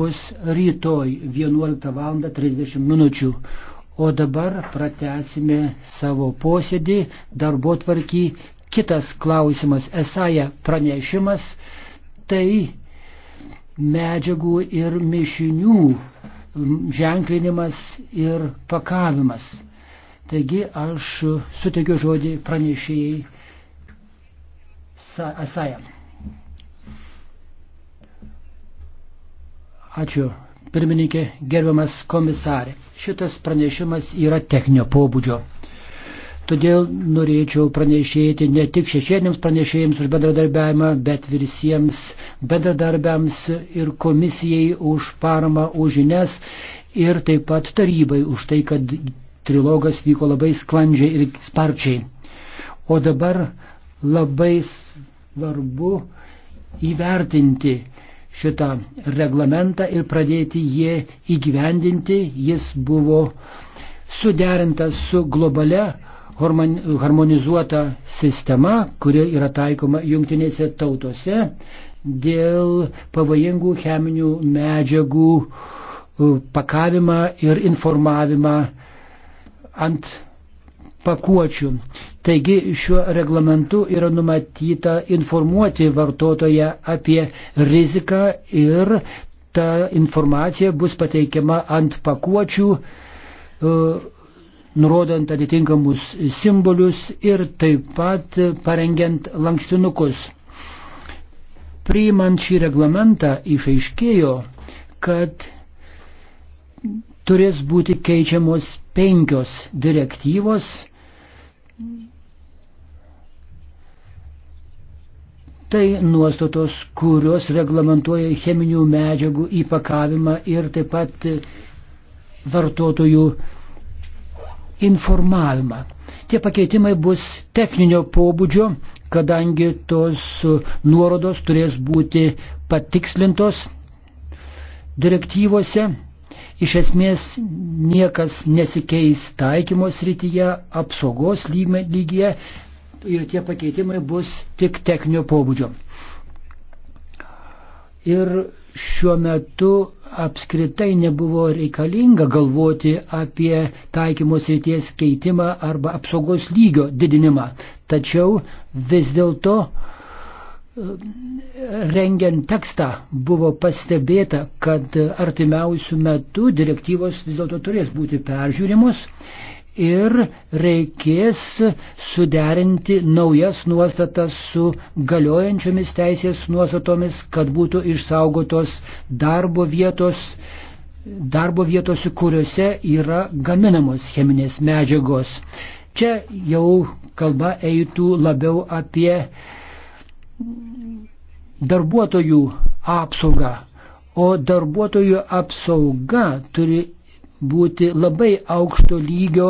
bus rytoj 11.30 minučių. O dabar pratesime savo posėdį, darbo tvarkį. Kitas klausimas, esąja pranešimas, tai medžiagų ir mišinių ženklinimas ir pakavimas. Taigi aš suteikiu žodį pranešėjai Asaja. Ačiū, pirmininkė, gerbiamas komisarė. Šitas pranešimas yra techninio pobūdžio. Todėl norėčiau pranešėti ne tik šešėlėms pranešėjams už bendradarbiavimą, bet ir visiems bendradarbiams ir komisijai už paramą, už žinias ir taip pat tarybai už tai, kad trilogas vyko labai sklandžiai ir sparčiai. O dabar labai svarbu įvertinti šitą reglamentą ir pradėti jį įgyvendinti. Jis buvo suderintas su globale harmonizuota sistema, kuri yra taikoma jungtinėse tautose dėl pavojingų cheminių medžiagų uh, pakavimą ir informavimą ant pakuočių. Taigi šiuo reglamentu yra numatyta informuoti vartotoją apie riziką ir ta informacija bus pateikiama ant pakuočių, e, nurodant atitinkamus simbolius ir taip pat parengiant lankstinukus. Priimant šį reglamentą išaiškėjo, kad turės būti keičiamos penkios direktyvos Tai nuostatos, kurios reglamentuoja cheminių medžiagų įpakavimą ir taip pat vartotojų informavimą. Tie pakeitimai bus techninio pobūdžio, kadangi tos nuorodos turės būti patikslintos direktyvose Iš esmės niekas nesikeis taikymos rytyje, apsaugos lygyje ir tie pakeitimai bus tik techninio pobūdžio. Ir šiuo metu apskritai nebuvo reikalinga galvoti apie taikymos ryties keitimą arba apsaugos lygio didinimą. Tačiau vis dėlto uh, rengiant tekstą buvo pastebėta, kad artimiausių metų direktyvos vis dėlto turės būti peržiūrimos ir reikės suderinti naujas nuostatas su galiojančiomis teisės nuostatomis, kad būtų išsaugotos darbo vietos, darbo vietos, kuriuose yra gaminamos cheminės medžiagos. Čia jau kalba eitų labiau apie darbuotojų apsaugą, o darbuotojų apsauga turi būti labai aukšto lygio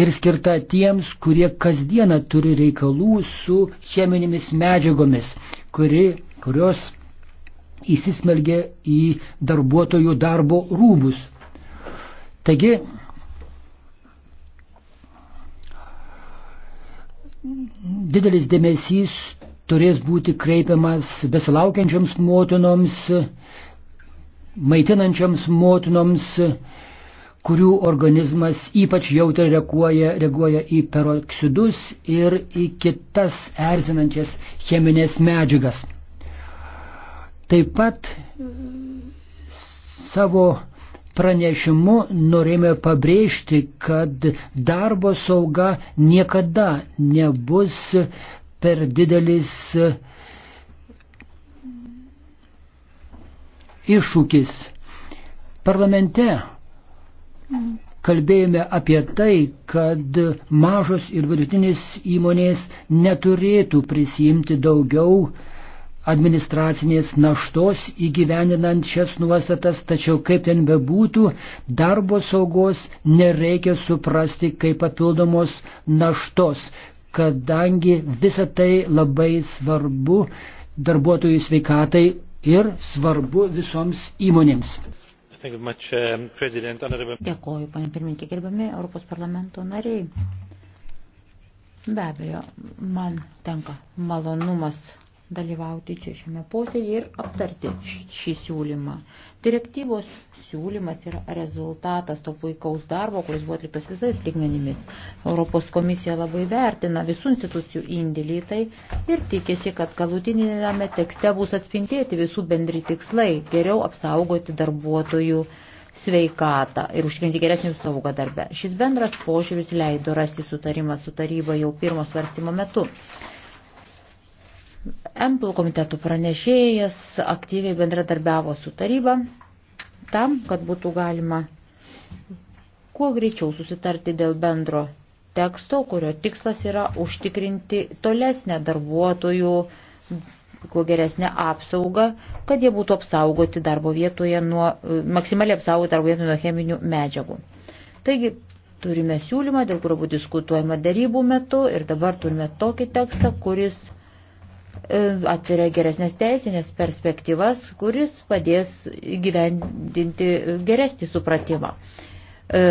ir skirta tiems, kurie kasdieną turi reikalų su cheminėmis medžiagomis, kuri, kurios įsismelgia į darbuotojų darbo rūbus. Taigi, didelis dėmesys turės būti kreipiamas besilaukiančioms motinoms, maitinančioms motinoms, kurių organizmas ypač jautriai reaguoja, reaguoja į peroksidus ir į kitas erzinančias cheminės medžiagas. Taip pat savo pranešimu norėjome pabrėžti, kad darbo sauga niekada nebus per didelis e, iššūkis. Parlamente kalbėjome apie tai, kad mažos ir vidutinės įmonės neturėtų prisijimti daugiau administracinės naštos įgyveninant šias nuostatas, tačiau kaip ten bebūtų, darbo saugos nereikia suprasti kaip papildomos naštos kadangi visa tai labai svarbu darbuotojų sveikatai ir svarbu visoms įmonėms. Um, Dėkoju, panė pirmininkė, gerbiami Europos parlamento nariai. Be abejo, man tenka malonumas dalyvauti čia šiame posėdėje ir aptarti šį siūlymą. Direktyvos siūlymas yra rezultatas to puikaus darbo, kuris buvo atliktas visais lygmenimis. Europos komisija labai vertina visų institucijų indėlį tai ir tikėsi, kad galutinėme tekste bus atspindėti visų bendri tikslai - geriau apsaugoti darbuotojų sveikatą ir užtikrinti geresnį saugą darbę. Šis bendras požiūris leido rasti sutarimą su taryba jau pirmo svarstymo metu. MPL komitetų pranešėjas aktyviai bendradarbiavo su taryba tam, kad būtų galima kuo greičiau susitarti dėl bendro teksto, kurio tikslas yra užtikrinti tolesnę darbuotojų kuo geresnę apsaugą, kad jie būtų apsaugoti darbo vietoje nuo, maksimaliai apsaugoti darbo vietoje nuo cheminių medžiagų. Taigi turime siūlymą, dėl kurio buvo diskutuojama darybų metu ir dabar turime tokį tekstą, kuris E, atveria geresnės teisinės perspektyvas, kuris padės gyvendinti geresnį supratimą. E,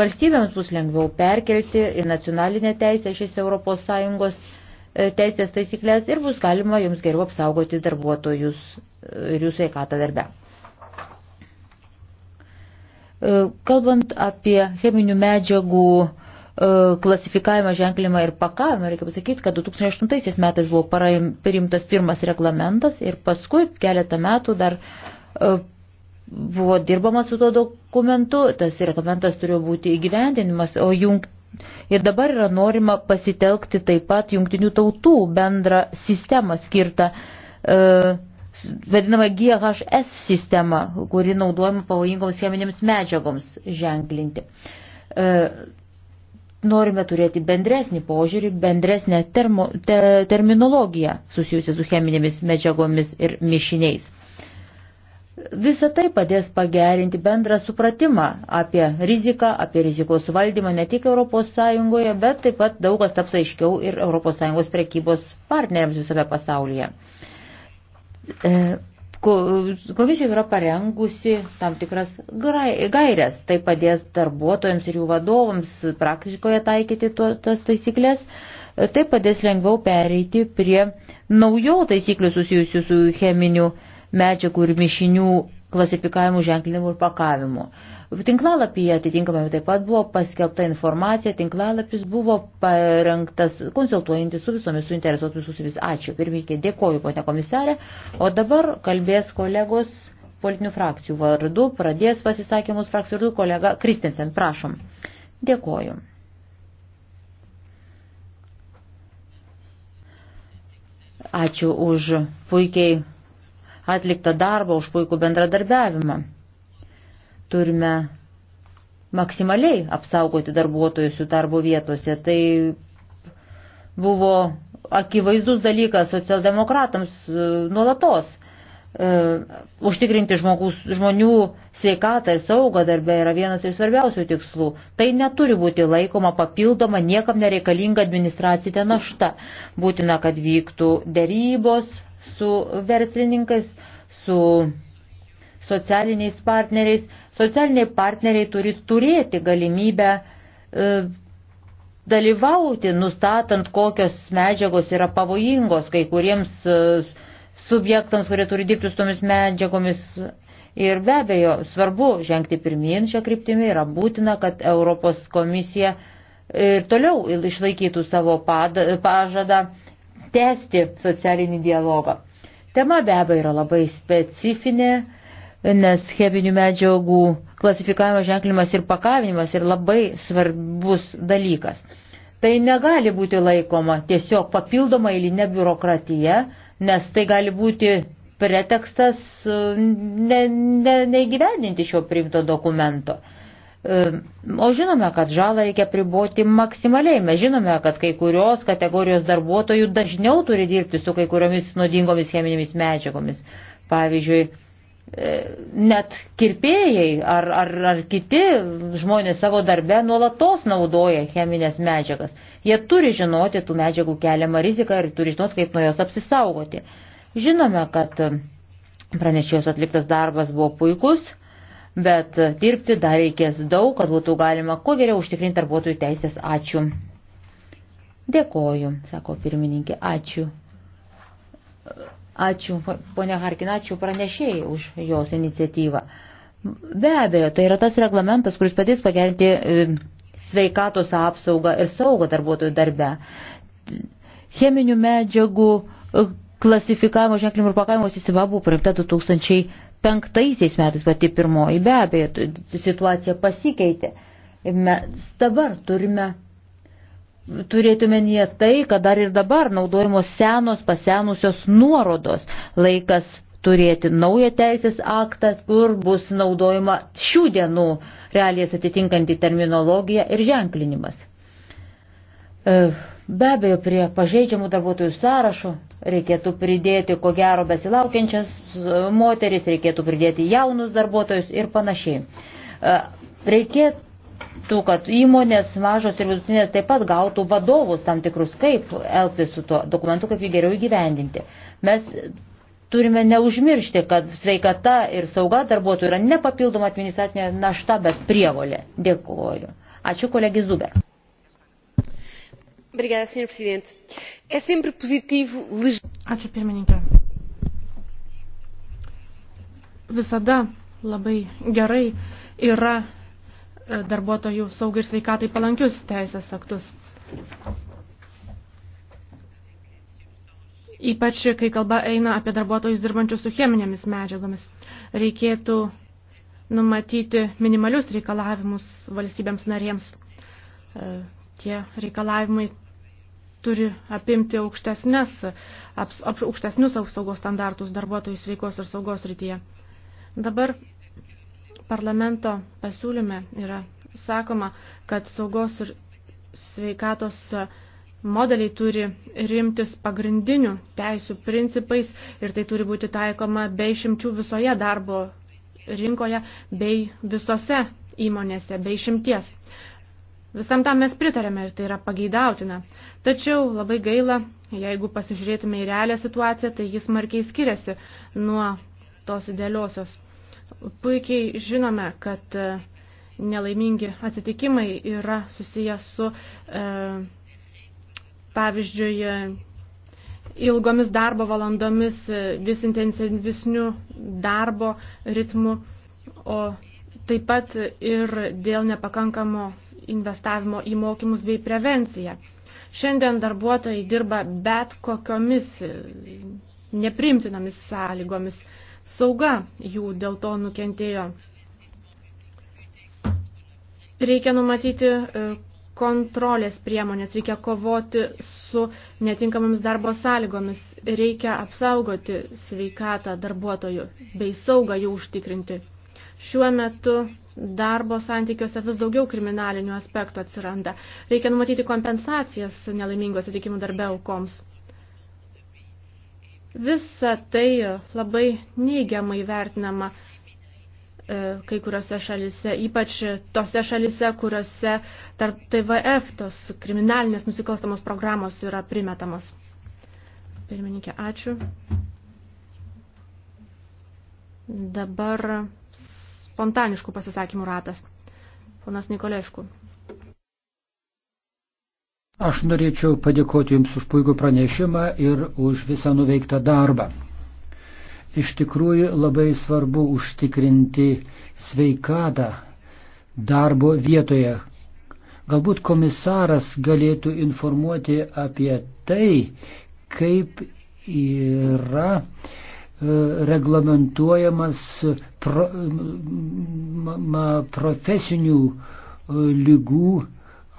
valstybėms bus lengviau perkelti į nacionalinę teisę šis ES e, teisės taisyklės ir bus galima jums geriau apsaugoti darbuotojus ir jų sveikatą darbę. Kalbant apie cheminių medžiagų E, klasifikavimą, ženklimą ir pakavimą. Reikia pasakyti, kad 2008 metais buvo priimtas pirmas reglamentas ir paskui keletą metų dar e, buvo dirbama su tuo dokumentu, tas reglamentas turėjo būti įgyvendinimas, o jungt. Ir dabar yra norima pasitelkti taip pat jungtinių tautų bendrą sistemą skirtą, e, vadinamą GHS sistemą, kuri naudojama pavojingoms cheminėms medžiagoms ženklinti. E, norime turėti bendresnį požiūrį, bendresnę termo, te, terminologiją susijusią su cheminėmis medžiagomis ir mišiniais. Visą tai padės pagerinti bendrą supratimą apie riziką, apie rizikos valdymą ne tik ES, bet taip pat daug kas taps aiškiau ir ES prekybos partneriams visame pasaulyje. E, Komisija yra parengusi tam tikras gairias, tai padės darbuotojams ir jų vadovams praktikoje taikyti tuo, tas taisyklės, tai padės lengviau pereiti prie naujų taisyklių susijusių su cheminių medžiagų ir mišinių klasifikavimu, ženklinimu ir pakavimu. Tinklalapyje atitinkamai taip pat buvo paskelbta informacija, tinklalapis buvo parengtas konsultuojantis su visomis suinteresuotomis susivis. Ačiū, pirmininkė, dėkoju, ponia komisarė. O dabar kalbės kolegos politinių frakcijų vardu, pradės pasisakymus frakcijų vardu kolega Kristinsen, prašom. Dėkoju. Ačiū už puikiai atliktą darbą, už puikų bendradarbiavimą. Turime maksimaliai apsaugoti darbuotojus jų darbo vietose. Tai buvo akivaizdus dalykas socialdemokratams e, nuolatos. E, užtikrinti žmogus, žmonių sveikatą ir saugą darbę yra vienas iš svarbiausių tikslų. Tai neturi būti laikoma papildoma, niekam nereikalinga administracinė našta. Būtina, kad vyktų dėrybos, su verslininkais, su socialiniais partneriais. Socialiniai partneriai turi turėti galimybę e, dalyvauti, nustatant, kokios medžiagos yra pavojingos kai kuriems e, subjektams, kurie turi dirbti su tomis medžiagomis. Ir be abejo, svarbu žengti pirmin šią kryptimį, yra būtina, kad Europos komisija ir e, toliau išlaikytų savo pad, pažadą tęsti socialinį dialogą. Tema be abejo yra labai specifinė, nes cheminių medžiagų klasifikavimo ženklimas ir pakavinimas yra labai svarbus dalykas. Tai negali būti laikoma tiesiog papildoma eilinė biurokratija, nes tai gali būti pretekstas neįgyvendinti mm, ne, ne šio priimto dokumento. O žinome, kad žalą reikia priboti maksimaliai. Mes žinome, kad kai kurios kategorijos darbuotojų dažniau turi dirbti su kai kuriomis nuodingomis cheminėmis medžiagomis. Pavyzdžiui, e, net kirpėjai ar, ar, ar kiti žmonės savo darbe nuolatos naudoja cheminės medžiagas. Jie turi žinoti tų medžiagų keliamą riziką ir turi žinoti, kaip nuo jos apsisaugoti. Žinome, kad pranešėjos atliktas darbas buvo puikus bet dirbti dar reikės daug, kad būtų galima kuo geriau užtikrinti darbuotojų teisės. Ačiū. Dėkoju, sako pirmininkė. Ačiū. Ačiū, ponia Harkin, ačiū pranešėjai už jos iniciatyvą. Be abejo, tai yra tas reglamentas, kuris padės pagerinti e, sveikatos apsaugą ir saugą darbuotojų darbe. Cheminių medžiagų e, klasifikavimo ženklinimo ir pakavimo sistema buvo priimta 2000 penktaisiais metais pati pirmoji be abejo situacija pasikeitė. Mes dabar turime turėtume nie tai, kad dar ir dabar naudojamos senos pasenusios nuorodos. Laikas turėti naują teisės aktą, kur bus naudojama šių dienų realijas atitinkanti terminologija ir ženklinimas. E, be abejo, prie pažeidžiamų darbuotojų sąrašo reikėtų pridėti, ko gero, besilaukiančias moteris, reikėtų pridėti jaunus darbuotojus ir panašiai. E, reikėtų, kad įmonės mažos ir vidutinės taip pat gautų vadovus tam tikrus, kaip elgtis su tuo dokumentu, kaip jį geriau įgyvendinti. Mes turime neužmiršti, kad sveikata ir sauga darbuotojų yra ne papildoma administracinė našta, bet prievolė. Dėkuoju. Ačiū kolegi Zuber. Senhor Presidente. É sempre positivo. Ačiū pirmininkė. Visada labai gerai yra e, darbuotojų saugai ir sveikatai palankius teisės aktus. Ypač, kai kalba eina apie darbuotojus dirbančius su cheminėmis medžiagomis, reikėtų numatyti minimalius reikalavimus valstybėms narėms e, Tie reikalavimai turi apimti aukštesnės, aps, ap, aukštesnius apsaugos standartus darbuotojų sveikos ir saugos rytyje. Dabar parlamento pasiūlyme yra sakoma, kad saugos ir sveikatos modeliai turi rimtis pagrindinių teisų principais ir tai turi būti taikoma be išimčių visoje darbo rinkoje bei visose įmonėse, be išimties. Visam tam mes pritarėme ir tai yra pageidautina. Tačiau labai gaila, jeigu pasižiūrėtume į realią situaciją, tai jis markiai skiriasi nuo tos idealiosios. Puikiai žinome, kad e, nelaimingi atsitikimai yra susiję su, e, pavyzdžiui, ilgomis darbo valandomis, e, vis intensyvesniu darbo ritmu, o taip pat ir dėl nepakankamo investavimo į mokymus bei prevenciją. Šiandien darbuotojai dirba bet kokiomis e, nepriimtinomis sąlygomis. Sauga jų dėl to nukentėjo. Reikia numatyti e, kontrolės priemonės, reikia kovoti su netinkamomis darbo sąlygomis, reikia apsaugoti sveikatą darbuotojų bei saugą jų užtikrinti. Šiuo metu darbo santykiuose vis daugiau kriminalinių aspektų atsiranda. Reikia numatyti kompensacijas nelaimingų atsitikimų darbe aukoms. Visa tai labai neigiamai vertinama e, kai kuriuose šalise, ypač tose šalise, kuriuose tarp TVF tos kriminalinės nusikalstamos programos yra primetamos. Pirmininkė, ačiū. Dabar spontaniškų pasisakymų ratas. Ponas Nikolėškų. Aš norėčiau padėkoti Jums už puikų pranešimą ir už visą nuveiktą darbą. Iš tikrųjų labai svarbu užtikrinti sveikatą darbo vietoje. Galbūt komisaras galėtų informuoti apie tai, kaip yra e, reglamentuojamas pro, ma, profesinių e, lygų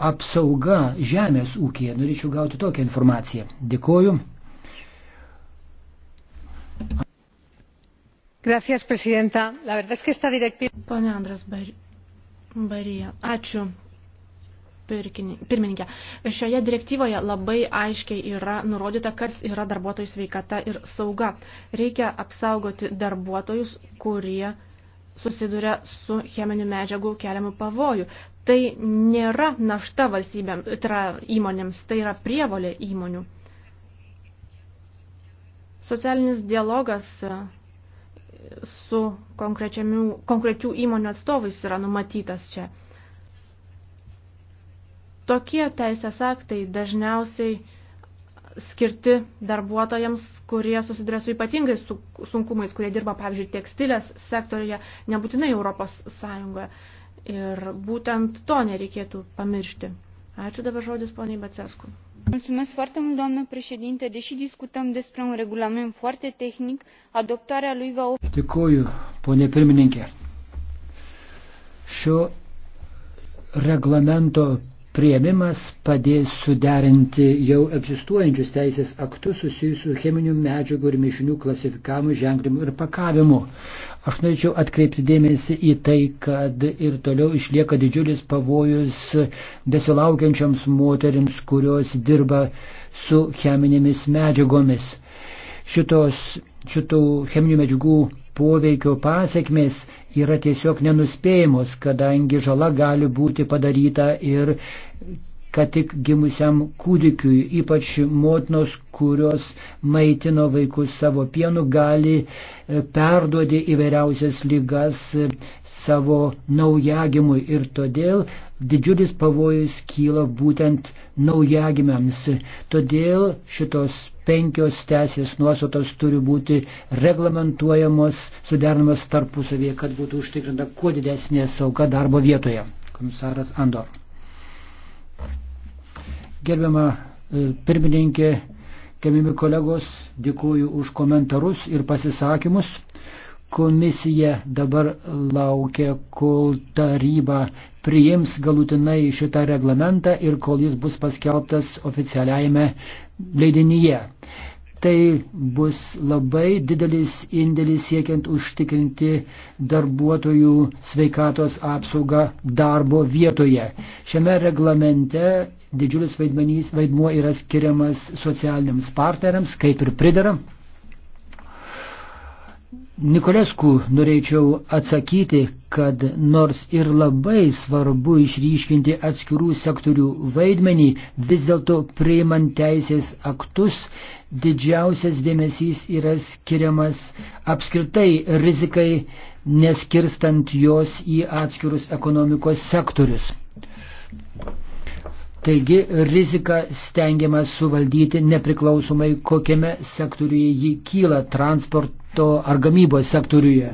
apsauga žemės ūkėje. Norėčiau gauti tokią informaciją. Dėkoju. Gracias, presidenta. La verdad es que esta directiva. Pone Andras Barija. Ačiū, pirmininkė. Šioje direktyvoje labai aiškiai yra nurodyta, kas yra darbuotojų sveikata ir sauga. Reikia apsaugoti darbuotojus, kurie susiduria su cheminių medžiagų keliamų pavojų. Tai nėra našta valstybėm, tai yra įmonėms, tai yra prievolė įmonių. Socialinis dialogas su konkrečių įmonių atstovais yra numatytas čia. Tokie teisės aktai dažniausiai skirti darbuotojams, kurie susiduria su ypatingais sunkumais, kurie dirba, pavyzdžiui, tekstilės sektorija, nebūtinai Europos Sąjungoje. Ir būtent to nereikėtų pamiršti. Ačiū dabar žodis poniai Bacescu. Mulțumesc foarte mult, doamnă președinte. Deși discutăm despre un regulament foarte tehnic, adoptarea lui va... Dėkuoju, ponė pirmininkė. Šio reglamento prieimimas padės suderinti jau egzistuojančius teisės aktus susijusių cheminių medžiagų ir mišinių klasifikavimu, ženklimu ir pakavimu. Aš norėčiau atkreipti dėmesį į tai, kad ir toliau išlieka didžiulis pavojus besilaukiančioms moteriams, kurios dirba su cheminėmis medžiagomis. Šitos, šitų cheminių medžiagų poveikio pasiekmės yra tiesiog nenuspėjamos, kadangi žala gali būti padaryta ir kad tik gimusiam kūdikiui, ypač motinos, kurios maitino vaikus savo pienu, gali e, perduoti įvairiausias lygas, savo naujagimui ir todėl didžiulis pavojus kyla būtent naujagimiams. Todėl šitos penkios teisės nuostatos turi būti reglamentuojamos, suderinamos tarpusavėje, kad būtų užtikrinta kuo didesnė sauga darbo vietoje. Komisaras Andor. Gerbiama e, pirmininkė, gerbiami kolegos, dėkuoju už komentarus ir pasisakymus. Komisija dabar laukia, kol taryba priims galutinai šitą reglamentą ir kol jis bus paskelbtas oficialiajame leidinyje. Tai bus labai didelis indėlis siekiant užtikrinti darbuotojų sveikatos apsaugą darbo vietoje. Šiame reglamente didžiulis vaidmenys, vaidmuo yra skiriamas socialiniams partneriams, kaip ir pridaram. Nikolesku norėčiau atsakyti, kad nors ir labai svarbu išryškinti atskirų sektorių vaidmenį, vis dėlto priimant teisės aktus didžiausias dėmesys yra skiriamas apskritai rizikai, neskirstant jos į atskirus ekonomikos sektorius. Taigi rizika stengiama suvaldyti nepriklausomai, kokiame sektoriuje ji kyla - transport, transporto ar gamybos sektoriuje.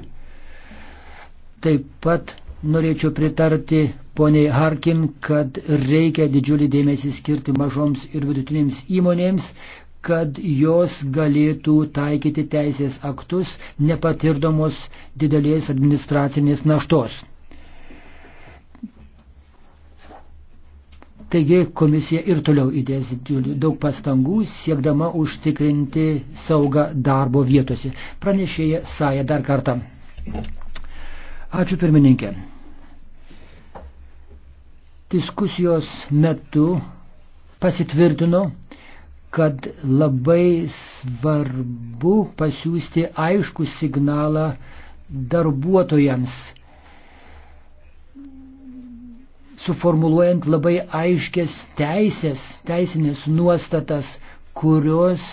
Taip pat norėčiau pritarti poniai Harkin, kad reikia didžiulį dėmesį skirti mažoms ir vidutinėms įmonėms, kad jos galėtų taikyti teisės aktus, nepatirdomos didelės administracinės naštos. Taigi komisija ir toliau įdės daug pastangų siekdama užtikrinti saugą darbo vietose. Pranešėja Saja dar kartą. Ačiū pirmininkė. Diskusijos metu pasitvirtino, kad labai svarbu pasiūsti aišku signalą darbuotojams suformuluojant labai aiškės teisės, teisinės nuostatas, kurios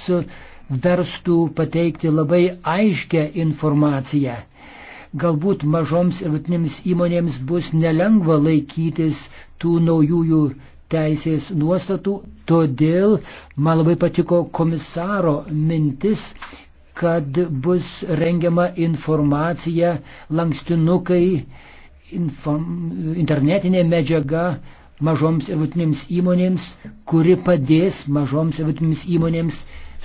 verstų pateikti labai aiškę informaciją. Galbūt mažoms ir vidutinėms įmonėms bus nelengva laikytis tų naujųjų teisės nuostatų, todėl man labai patiko komisaro mintis, kad bus rengiama informacija, lankstinukai, inform, internetinė medžiaga mažoms ir vidutinėms įmonėms, kuri padės mažoms ir vidutinėms įmonėms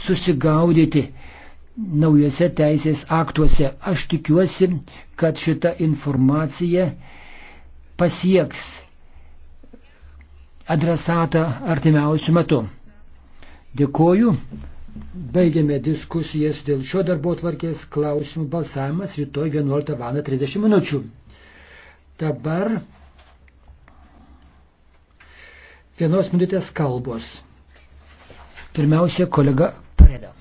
susigaudyti naujuose teisės aktuose. Aš tikiuosi, kad šita informacija pasieks adresatą artimiausių metų. Dėkoju. Baigiame diskusijas dėl šio darbo tvarkės klausimų balsavimas rytoj 11.30 minučių. Dabar vienos minutės kalbos. Pirmiausia, kolega Preda.